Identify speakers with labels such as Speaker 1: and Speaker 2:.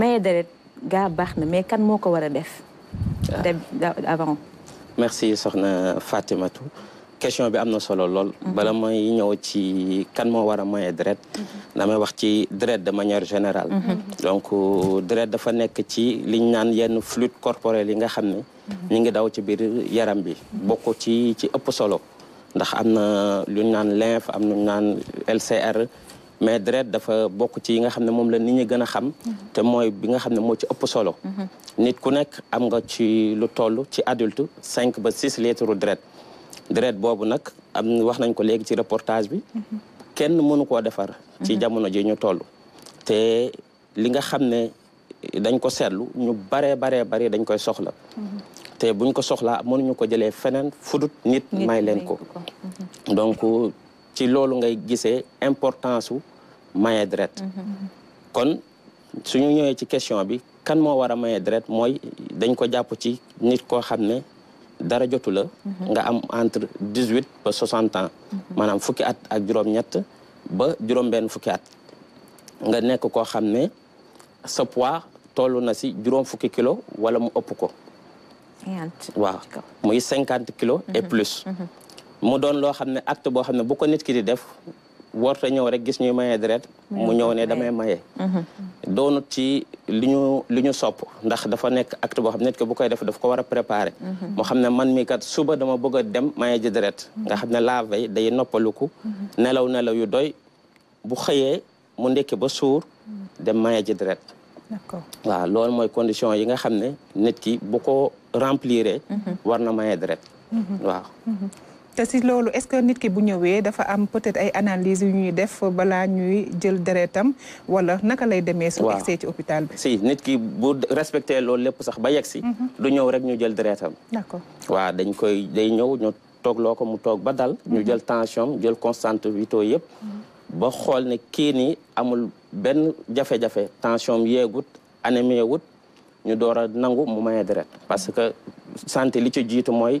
Speaker 1: maye deret gaa baax na mais kan moo ko war a def. Ah. avant. merci soxna Fatimatou question bi am na solo lool. Mhm. bala may ñëw ci kan moo war a maye deret. Mhm. damay wax ci deret de manière générale. Mhm. donc euh, deret dafa nekk ci liñ naan yenn fluide corporel li nga xam ne. ñu ngi daw ci biir yaram bi. bokk ci ci ëpp solo. ndax am na luñ naan lymphe am na naan LCR. mais dret dafa bok ci nga xamne ne la nit ñi gëna xam mhm. te moy bi nga xamne ne ci upp solo mhm. nit ku nek am nga ci lu tollu ci adulte 5 ba 6 litres dret dret bobu nak am wax nañ ko légui ci reportage bi mhm. kenn mënu ko défar ci jamono ji ñu tollu te li nga xamne dañ ko sétlu ñu baree baree bari dañ koy soxla te buñ ko mënu ñu ko jëlé fenen fudut nit may leen ko donc ci loolu ngay gisee importance maye deret kon suñu ñëwee ci question bi kan moo war a maye deret mooy dañ ko jàpp ci nit koo xam ne dara jotu la nga am entre dix huit ba soixante ans maanaam fukki at ak juróom-ñett ba juróom-benn fukki at nga nekk koo xam ne sa poids na si juróom fukki kilo wala mu ëpp ko waaw muy cinquante kilos et mhm. plus mhm. mu doon loo xam ne acte boo xam ne bu ko nit ki di def warta ñëw rek gis ñuy maye deret mu ñëw ne damay maye mm-hmm. doonut ci lu ñu li ñu sopp ndax dafa nekk acte boo xam nit ki bu koy def daf ko war a préparer mm-hmm. moo xam ne man mi kat suba dama bëgg a dem maye ji deret mm-hmm. nga xam ne la veille day noppaluku nelaw nelaw yu doy bu xëyee mu ndekki ba suur dem maye ji deret d'accord waaw loolu mooy condition yi nga xam ne nit ki bu ko remplir war na maye deret waaw si loolu est-ce que nit ki bu ñëwee dafa am peut-être ay analyses yu ñuy def balaa ñuy jël deretam wala naka lay demee. su egsee ci hôpital bi. si nit ki bu respecté loolu lépp sax ba yegg si. Mhm. du ñëw rek ñu jël deretam. d'accord waaw dañ koy day ñëw ñu toog loo ko mu toog ba dal. ñu mhm. jël tension jël constante vitaux yëpp. Mhm. ba xool ne kii nii amul benn jafe-jafe tension yeegut anémie wut ñu door a nangu mu maye deret parce que santé li ci jiitu mooy.